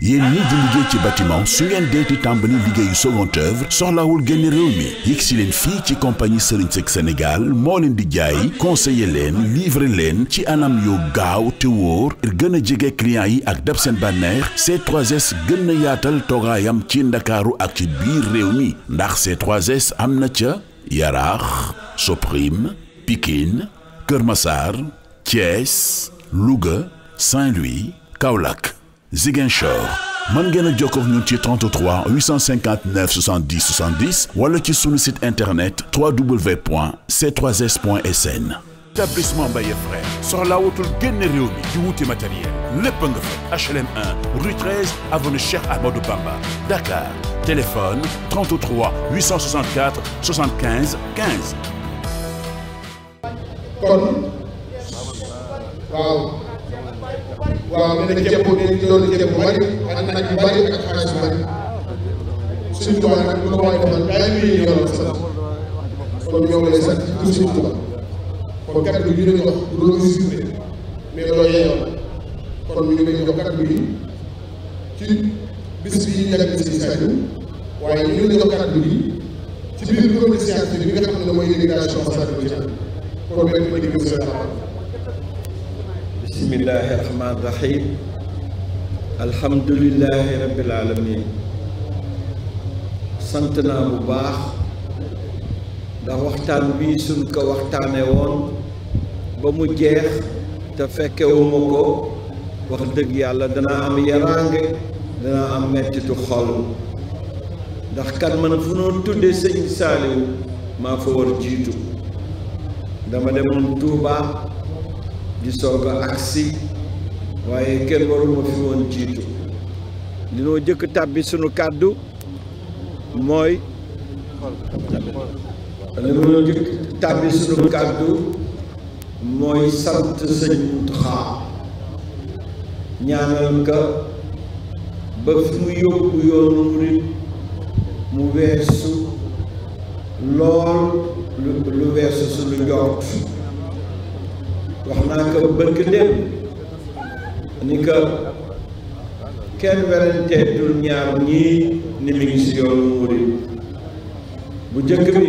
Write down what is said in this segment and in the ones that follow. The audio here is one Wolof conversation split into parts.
yéen ñii di liggéey ci bâtiment su ngeen deeti tàmbali liggéeyu second œuvre soxlawul génn réew mi yegg si leen fii ci compagnie Serigne Seck Sénégal moo leen di jaay conseiller leen livrer leen ci anam yoo gaaw te wóor gën a jege client yi ak dab seen bànneex C3S gën a yaatal toogaayam ci ndakaaru ak ci biir réew mi ndax c 3 am na ca Yaraax Soprim Pikine Kër Massar Thiès Saint-Louis Kaolack Ziguinchor mën ngeen a jokkoo ak ñun ci 33 859 70 70 wala ci sunu site internet www.c3s.sn. établissement Mbaye Frère soxla wutul génn réew mi di wuti matériel lépp nga fa HLM 1 rue 13 avenue Cheikh Amadou Bamba Dakar téléphone 33 864 75 15. kon waaw. waaw mi ne ceeb boobu dañu doon ceeb bu bari ak nag yu bari ak xaalis bu bari suñu tubaab nag lu ko waay defal ay millions yoo la sant kon du loo insulté mais loo yeyoo yi ci bis bi ñu nekk si Sadio waaye ñu ngi leen jox kàddu yi ci biir comité scientifique bi nga xam ne mooy irrigation Massalikul Jinaan kon benn ma digg sa bismillahi rahmaani rahim alhamdulilahi rabbil alamin sant naa bu baax ndax waxtaan bi suñ ko waxtaanee woon ba mu jeex te fekkewuma ko wax dëgg yàlla danaa am yaraange danaa am mettitu xol ndax kan man fu noonu tuddee sëñ Saaliw maa fa war jiitu dama demoon Tuubaa di soog agsi waaye kenn warul ma fi woon jiitu li noo jëkk tàbbi sunu kàddu mooy li noo jëkk tàbbi sant sëñ Muntaxa ñaanal ka ba fi mu yóbbu yoonu murit mu weesu lool lu weesu sunu njort wax naa ko bëgg dem ni ko kenn weranteetul ñaar ñii ni mi si yoonu murid bu jëkk bi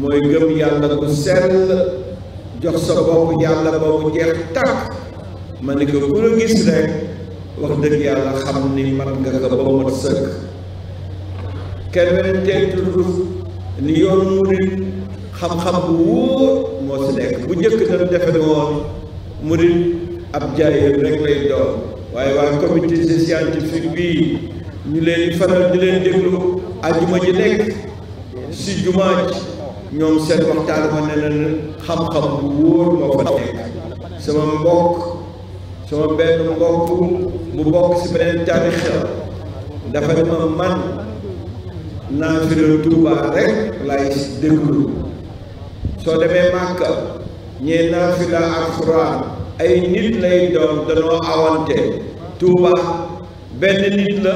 mooy gëm yàlla ku sell jox sa bopp yàlla ba mu tàkk ma ni ko ku la gis rek wax dëgg yàlla xam ni man nga ko ba mu sëkk kenn weranteetul ni yoonu murid xam-xam bu wóor moo si nekk bu njëkk dañu defe ne woon ab jaayeen rek lay doon waaye waa comité scientifique bii ñu leen faral di leen déglu ajuma ji nekk si jumaa ji ñoom seen waxtaan ma xam-xam bu wóor moo fa nekk sama mbokk sama benn mbokk mu bokk si beneen taarix dafa ne ma man naa fi Tuubaa rek lay déglu soo demee Màkka ñee naafila ak Alxuraan ay nit lay doon danoo awante Tuuba benn nit la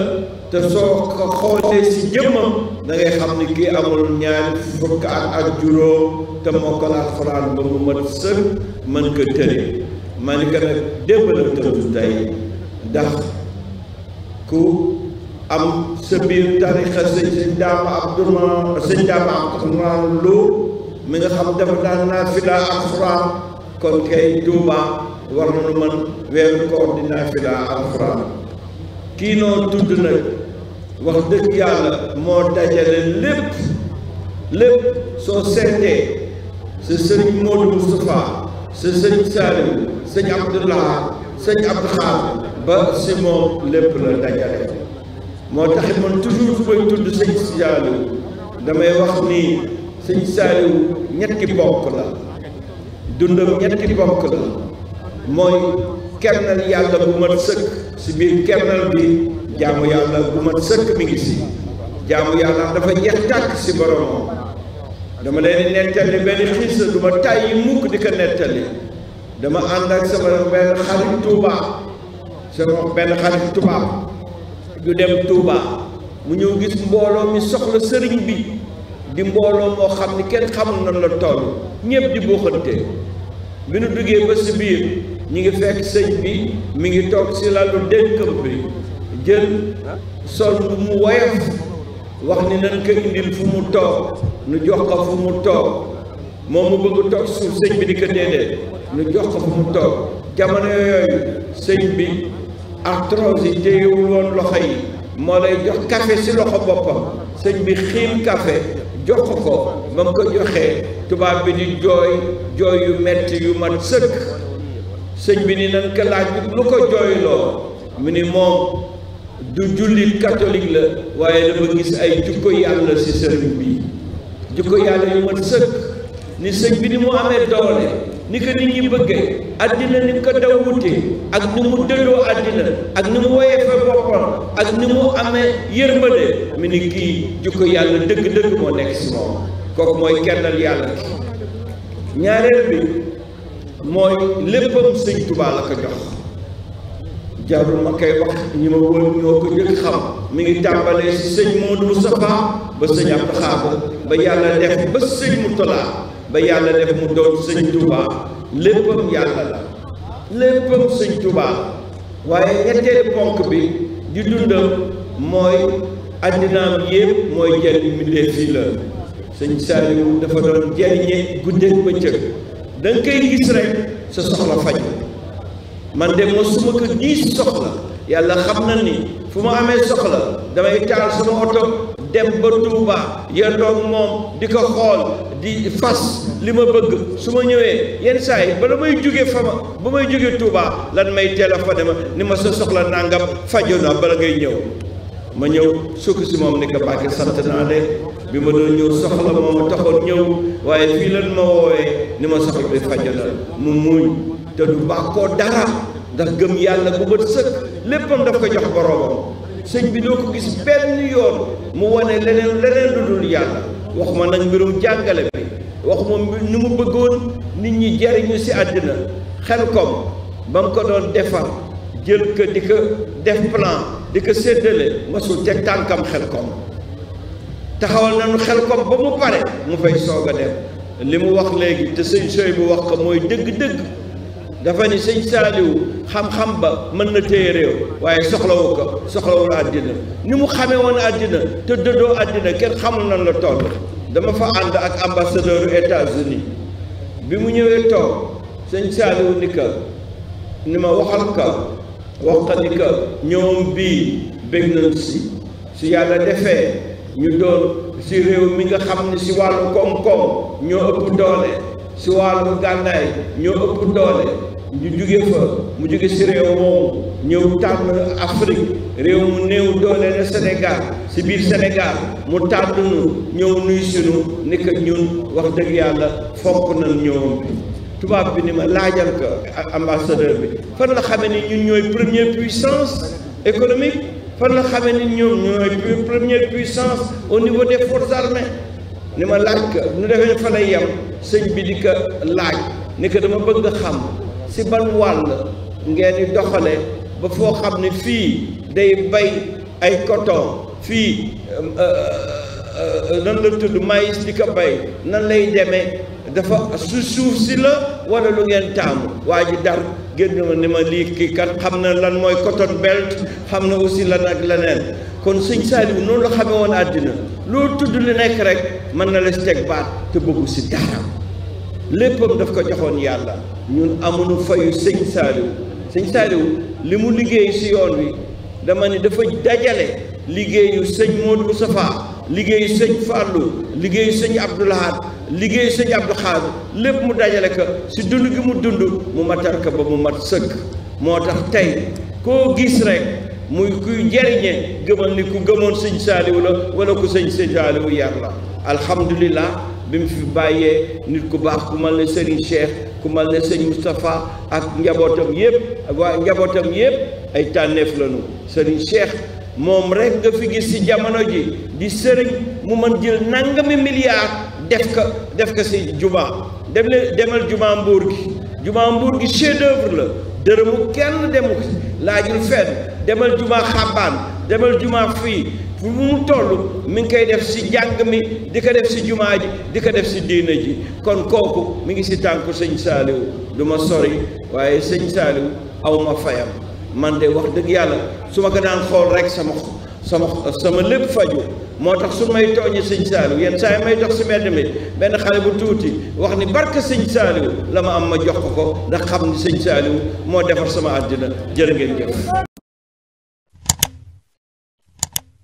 te soo xoolee ci jëmmam da xam ni kii amul ñaari fukk at ak juróom te mokkal Alxuraan ba mu mat sëkk mën ko tëri ma ni ko nag démb la tëdd tey ndax ku am sa biir tarixa sëñ daama Abdourahmane sëñ daama Abdourahmane Lo mi nga xam dafa daan naafila ak xuraan kon kay Tuuba war nañu mën weeru koor di naafila ak xuraan kii noo tudd nag wax dëgg yàlla moo dajale lépp lépp soo seetee sa sëñ Modou Moustapha sa sëñ Saliou sëñ Abdoulaye sëñ Abdou ba si moom lépp la dajale moo taxit man toujours fu tudd sëñ Saliou damay wax nii sëñ Saaliw ñetti bokk la dundam ñetti bokk la mooy kernal yàlla bu ma sëkk si biir kernal bi jaamu yàlla bu ma sëkk mi ngi si jaamu yàlla dafa jeex tàkk si boromam dama leen nettali benn xiis du ma tàyyi mukk di ko nettali dama ànd ak sama benn xarit Touba sama benn xarit tubaab ju dem Touba mu ñëw gis mbooloo mi soxla sëriñ bi di mbooloo moo xam ni kenn xamul nan la toll ñëpp di buuxante bi nu duggee ba si biir ñi ngi fekk sëñ bi mi ngi toog si lalu dénkam bi jël sol bu mu woyof wax ni nan ko indil fu mu toog nu jox ko fu mu toog moom mu bëgg toog suuf sëñ bi di ko déedee nu jox ko fu mu toog jamono yooyu sëñ bi arthrose yi téyewul woon loxo yi moo lay jox café si loxo boppam sëñ bi xiim café jox ko ba mu ko joxee tubaab bi di jooy jooy yu metti yu mat sëkk sëñ bi ni nan ko laaj lu ko jooyloo mu ni moom du jullit catholique la waaye dama gis ay jukko yàlla ci sëriñ bi jukko yàlla yu mat sëkk ni sëñ bi ni mu amee doole ni ko nit ñi bëggee àddina ni ko daw wute ak ni mu dëddoo àddina ak ni mu woyeefe boppam ak ni mu amee yërmande mi ni kii jukko yàlla dëgg-dëgg moo nekk si moom kooku mooy kennal yàlla ki ñaareel bi mooy léppam sëñ Tuubaa la ko jox jarul ma koy wax ñi ma wóor ñoo ko jëkk xam mi ngi tàmbalee si sëñ Moodu Mustafaa ba sëñ Abdu Xaadir ba yàlla def ba sëñ Murtalaa ba yàlla def mu doon sëñ Touba léppam yàlla la léppam sëñ Touba waaye ñetteel ponk bi di dundam mooy àddinaam yépp mooy jariñ mbindéef yi la sëñ Saliou dafa doon jariñe guddeeg bëccëg da nga koy gis rek sa soxla faj man de moo ma ko gis soxla yàlla xam na ni fu ma amee soxla damay taal sama oto dem ba ya yendoog moom di ko xool di fas li ma bëgg su ma ñëwee yenn saa yi bala may jóge fa ma ba may jógee Touba lan may téléphoné ma ni ma sa soxla nangam fajo na bala ngay ñëw ma ñëw sukk si moom ni ko Mbàkke sant naa de bi ma doon ñëw soxla moom taxoon ñëw waaye fii lan ma woowee ni ma soxla bi fajo na mu muuñ te du bàkkoo dara ndax gëm yàlla bu bët sëkk léppam daf ko jox boroomam sëñ bi doo ko gis benn yoon mu wane leneen leneen lu dul yàlla ma nag mbirum jàngale bi waxuma ni mu bëggoon nit ñi jariñu ci àddina xel kom ba mu ko doon defar jël ko di ko def plan di ko séddale masul teg tànkam xel kom taxawal nañu xel kom ba mu pare mu fay soog a dem li mu wax léegi te sëñ sooy bu wax ko mooy dëgg-dëgg dafa ni sëñ saaliwu xam-xam ba mën na téye réew waaye soxlawu ko soxlawul àddina ni mu xamee woon àddina te dëddoo àddina kenn xamul nañ la toll dama fa ànd ak ambassadeur États-Unis bi mu ñëwee toog sëñ saaliwu ni ka ni ma waxal ka wax ka ni ka ñoom bii bég nañ si su yàlla defee ñu doon si réew mi nga xam ne si wàllu koom-koom ñoo ëpp doole si wàllu gànnaay ñoo ëpp doole ñu jóge fa mu jóge si réew moomu ñëw tànn Afrique réew mu néew doole la Sénégal si biir Sénégal mu tànn nu ñëw nuy sunu ni ko ñun wax dëgg yàlla fonk na ñëwam bi tubaab bi ni ma laajal ko ambassadeur bi fan la xamee ni ñun ñooy première puissance économique fan la xamee ni ñoom ñooy première puissance au niveau des forces armées ni ma laaj ko ñu defee fa lay yem sëñ bi di ko laaj ni dama bëgg xam si ban wàll ngeen di doxale ba foo xam ne fii day bay ay coton fii euh, euh, euh, nan la tudd maïs di ko bay nan lay demee dafa su suuf si la wala lu ngeen taamu waa ji dar génn ma ni ma lii kii kat xam na lan mooy coton belt xam na aussi lan ak leneen kon sëñ Saliou noonu la xamee woon àddina loolu tudd li nekk rek mën na la si teg baat te bëggu si dara. léppam daf ko joxoon yàlla ñun amuñu fayu sëñ Saaliw sëñ Saaliw li mu liggéey si yoon wi dama ne dafa dajale liggéeyu sëñ Modou Moustapha liggéeyu sëñ Fallou liggéeyu sëñ Abdoul Ahad liggéeyu sëñ Abdou lépp mu dajale ko si dund gi mu dund mu matal ko ba mu mat sëkk moo tax tey koo gis rek. muy kuy jariñe gëmal ni ku gëmoon sëñ saaliwu la wala ku sëñ sëñ saaliwu yar la bi mu fi bàyyee nit ku baax ku mal ne Serigne Cheikh ku mal ne Serigne Moustapha ak njabootam yëpp waa njabootam yëpp ay tànneef lañu Serigne Cheikh moom rek nga fi gis ci jamono ji di sëriñ mu mën jël nangami milliard def ko def ko ci jumaa dem demal jumaa mbuur gi jumaa mbuur gi chef d'œuvre la dërëmu kenn demu laajul fenn demal jumaa xàbbaan demal jumaa fii fu mu toll mi ngi koy def si jàng mi di ko def si jumaa ji di ko def si diina ji kon kooku mi ngi si tànku sëñ Saaliw du ma sori waaye sëñ Saaliw aw ma fayam man de wax dëgg yàlla su ma ko daan xool rek sama sama sama lépp faju moo tax su may tooñi sëñ Saaliw yenn saa yi may dox si mbedd mi benn xale bu tuuti wax ni barke sëñ Saaliw la ma am ma jox ko ko ndax xam ni sëñ Saaliw moo defar sama àddina jërë ngeen jëf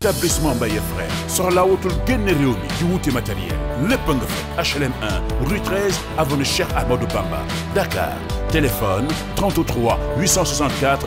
établissement Mbaye frère soxla wutul génn réew mi di wuti matériel lépp nga fa HLM 1 rue 13 avenue Cheikh Amadou Bamba Dakar téléphone 33 864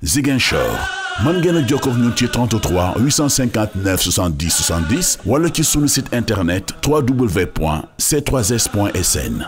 Ziguinchor mën ngeen a jokkoo ak ñun ci 33 859 70 70 wala ci sunu site internet www.c3s.sn